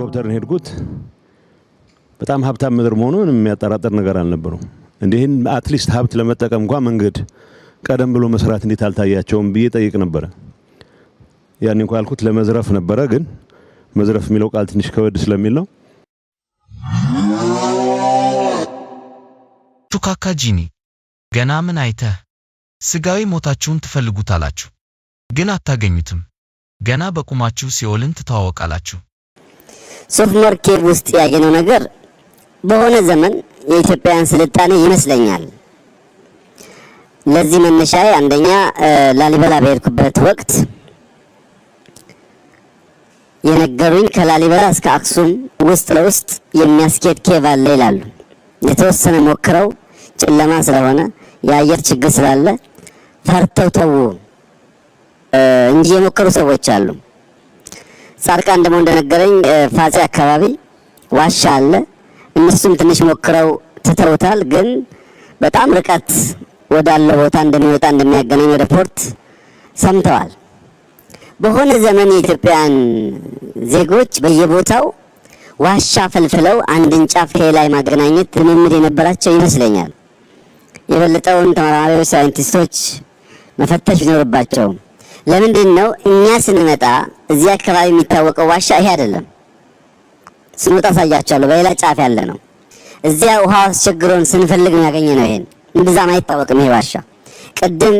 በሄሊኮፕተር ነው ሄድኩት። በጣም ሀብታም ምድር መሆኑን የሚያጠራጥር ነገር አልነበረው። እንዲህን አትሊስት ሀብት ለመጠቀም እንኳ መንገድ ቀደም ብሎ መስራት እንዴት አልታያቸውም ብዬ ጠይቅ ነበረ። ያን እንኳ ያልኩት ለመዝረፍ ነበረ፣ ግን መዝረፍ የሚለው ቃል ትንሽ ከወድ ስለሚል ነው። ቱካካ ጂኒ ገና ምን አይተህ ስጋዊ ሞታችሁን ትፈልጉታላችሁ፣ ግን አታገኙትም። ገና በቁማችሁ ሲኦልን ትተዋወቃላችሁ። ሱፍ ማርኬት ውስጥ ያየነው ነገር በሆነ ዘመን የኢትዮጵያውያን ስልጣኔ ይመስለኛል። ለዚህ መነሻዬ አንደኛ ላሊበላ በሄድኩበት ወቅት የነገሩኝ ከላሊበላ እስከ አክሱም ውስጥ ለውስጥ የሚያስኬድ ኬቭ አለ ይላሉ። የተወሰነ ሞክረው ጨለማ ስለሆነ የአየር ችግር ስላለ ፈርተው ተዉ እንጂ የሞከሩ ሰዎች አሉ። ጻድቃን ደግሞ እንደነገረኝ ፋጼ አካባቢ ዋሻ አለ። እነሱም ትንሽ ሞክረው ትተውታል። ግን በጣም ርቀት ወዳለ ቦታ እንደሚወጣ እንደሚያገናኝ ሪፖርት ሰምተዋል። በሆነ ዘመን የኢትዮጵያን ዜጎች በየቦታው ዋሻ ፈልፍለው አንድን ጫፍ ከሌላ ማገናኘት ልምምድ የነበራቸው ይመስለኛል። የበለጠውን ተመራማሪዎች፣ ሳይንቲስቶች መፈተሽ ይኖርባቸውም። ለምንድን ነው እኛ ስንመጣ እዚህ አካባቢ የሚታወቀው ዋሻ ይሄ አይደለም። ስንወጣ ሳያችኋለሁ፣ በሌላ ጫፍ ያለ ነው። እዚያ ውሃ አስቸግሮን ስንፈልግ ነው ያገኘ ነው። ይሄን እንብዛም አይታወቅም ይሄ ዋሻ። ቅድም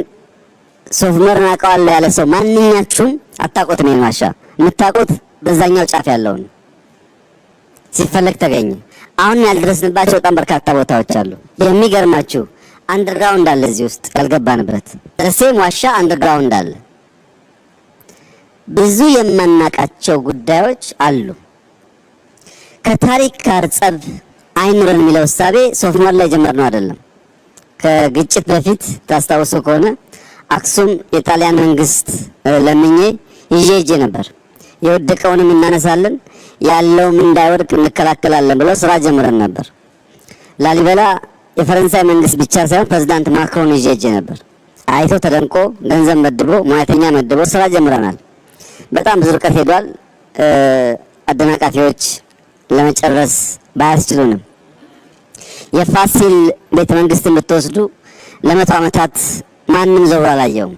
ሶፍመር እናውቀዋለሁ ያለ ሰው ማንኛችሁም አታውቁትም። ይሄን ዋሻ የምታውቁት በዛኛው ጫፍ ያለውን ሲፈለግ ተገኘ። አሁን ያልደረስንባቸው በጣም በርካታ ቦታዎች አሉ። የሚገርማችሁ አንደርግራውንድ አለ እዚህ ውስጥ ያልገባንበት። ደሴም ዋሻ አንደርግራውንድ አለ። ብዙ የማናቃቸው ጉዳዮች አሉ። ከታሪክ ጋር ጸብ አይኑረን የሚለው እሳቤ ሶፍመር ላይ ነው አይደለም። ከግጭት በፊት ታስታውሱ ከሆነ አክሱም የጣሊያን መንግስት ለምኜ ይዤ ሄጄ ነበር። የወደቀውንም እናነሳለን፣ ያለውም እንዳይወድቅ እንከላከላለን ብሎ ስራ ጀምረን ነበር። ላሊበላ የፈረንሳይ መንግስት ብቻ ሳይሆን ፕሬዚዳንት ማክሮን ይዤ ሄጄ ነበር። አይቶ ተደንቆ ገንዘብ መድቦ ሙያተኛ መድቦ ስራ ጀምረናል። በጣም ብዙ ርቀት ሄዷል። አደናቃፊዎች ለመጨረስ ባያስችሉንም የፋሲል ቤተ መንግስትን ብትወስዱ ለመቶ ዓመታት ማንም ዘውር አላየውም።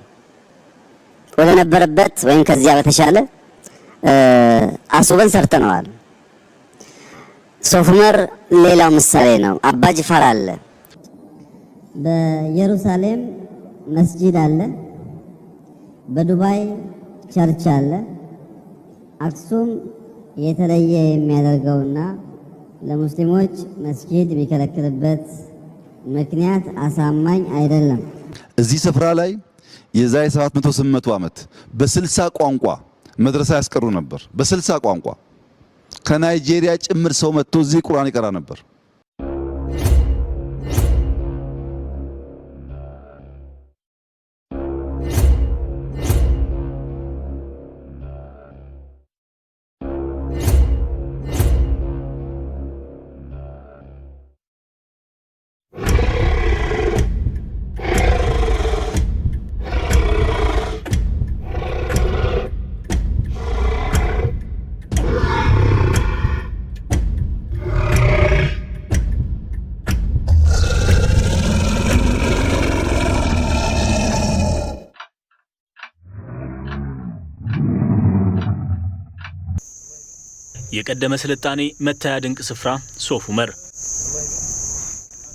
ወደ ነበረበት ወይም ከዚያ በተሻለ አስውበን ሰርተነዋል። ሶፍመር ሌላው ምሳሌ ነው። አባ ጅፋር አለ፣ በኢየሩሳሌም መስጂድ አለ፣ በዱባይ ቸርች አለ። አክሱም የተለየ የሚያደርገውና ለሙስሊሞች መስጊድ የሚከለክልበት ምክንያት አሳማኝ አይደለም። እዚህ ስፍራ ላይ የዛሬ 7800 ዓመት በስልሳ ቋንቋ መድረሳ ያስቀሩ ነበር። በስልሳ ቋንቋ ከናይጄሪያ ጭምር ሰው መጥቶ እዚህ ቁርአን ይቀራ ነበር። የቀደመ ስልጣኔ መታያ ድንቅ ስፍራ ሶፍ ዑመር።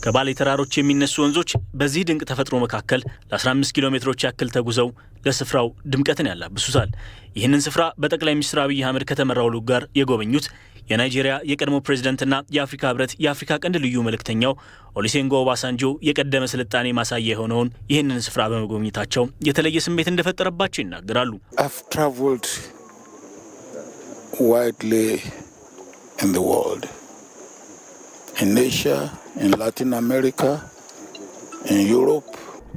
ከባሌ ተራሮች የሚነሱ ወንዞች በዚህ ድንቅ ተፈጥሮ መካከል ለ15 ኪሎ ሜትሮች ያክል ተጉዘው ለስፍራው ድምቀትን ያላብሱታል። ይህንን ስፍራ በጠቅላይ ሚኒስትር አብይ አህመድ ከተመራው ልዑክ ጋር የጎበኙት የናይጄሪያ የቀድሞ ፕሬዚደንትና የአፍሪካ ህብረት የአፍሪካ ቀንድ ልዩ መልእክተኛው ኦሊሴንጎ ኦባሳንጆ የቀደመ ስልጣኔ ማሳያ የሆነውን ይህንን ስፍራ በመጎብኘታቸው የተለየ ስሜት እንደፈጠረባቸው ይናገራሉ። widely in the world, in Asia, in Latin America, in Europe.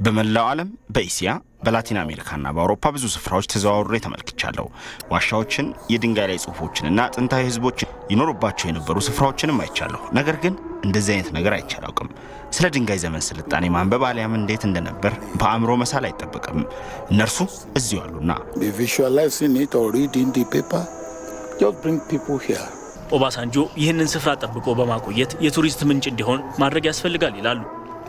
በመላው ዓለም በእስያ በላቲን አሜሪካና በአውሮፓ ብዙ ስፍራዎች ተዘዋውሬ ተመልክቻለሁ። ዋሻዎችን፣ የድንጋይ ላይ ጽሁፎችንና ጥንታዊ ህዝቦች ይኖሩባቸው የነበሩ ስፍራዎችንም አይቻለሁ። ነገር ግን እንደዚህ አይነት ነገር አይቼ አላውቅም። ስለ ድንጋይ ዘመን ስልጣኔ ማንበብ አሊያም እንዴት እንደነበር በአእምሮ መሳል አይጠበቅም። እነርሱ እዚሁ አሉና ኦባሳንጆ ይህንን ስፍራ ጠብቆ በማቆየት የቱሪስት ምንጭ እንዲሆን ማድረግ ያስፈልጋል ይላሉ።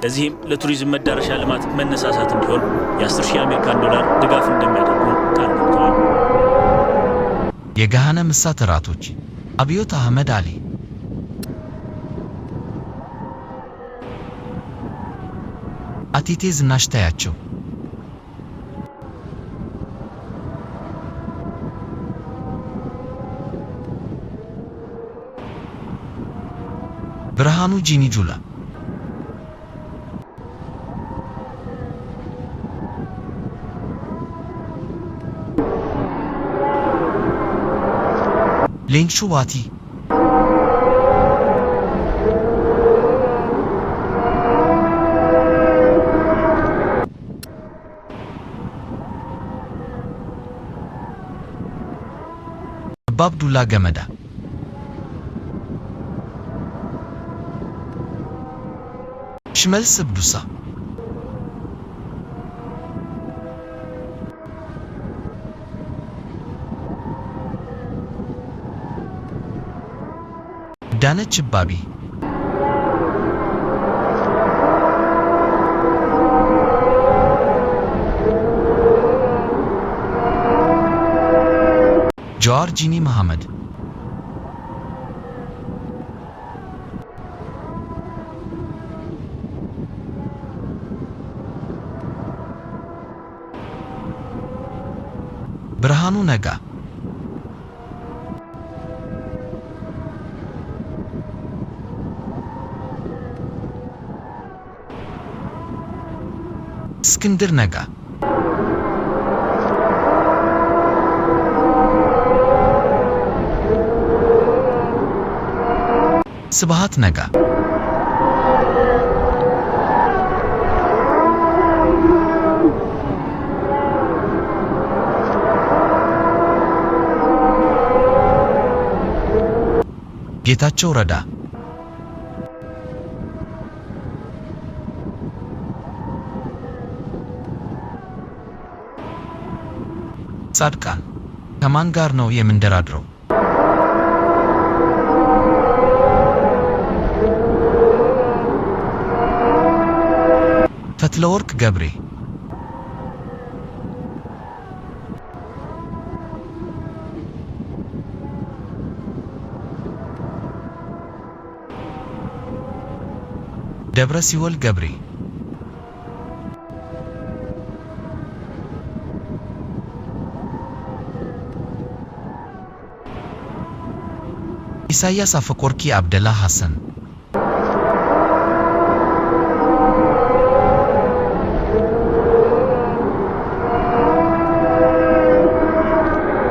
ለዚህም ለቱሪዝም መዳረሻ ልማት መነሳሳት እንዲሆን የ10 ሺህ አሜሪካን ዶላር ድጋፍ እንደሚያደርጉ ቃል ገብተዋል። የገሃነም እሳት እራቶች አብዮት አህመድ አሊ አቲቴ ዝናሽ ታያቸው ብርሃኑ ጂኒ ጁላ ሌንሹ ዋቲ ባብዱላ ገመዳ መልስ አብዲሳ ዳነች አባቢ ጆርጂኒ መሐመድ ብርሃኑ ነጋ። እስክንድር ነጋ ስብሃት ነጋ ጌታቸው ረዳ ጻድቃን ከማን ጋር ነው የምንደራድረው? ፈትለወርቅ ገብሬ ደብረ ሲወል ገብሬ ኢሳያስ አፈወርቂ አብደላ ሐሰን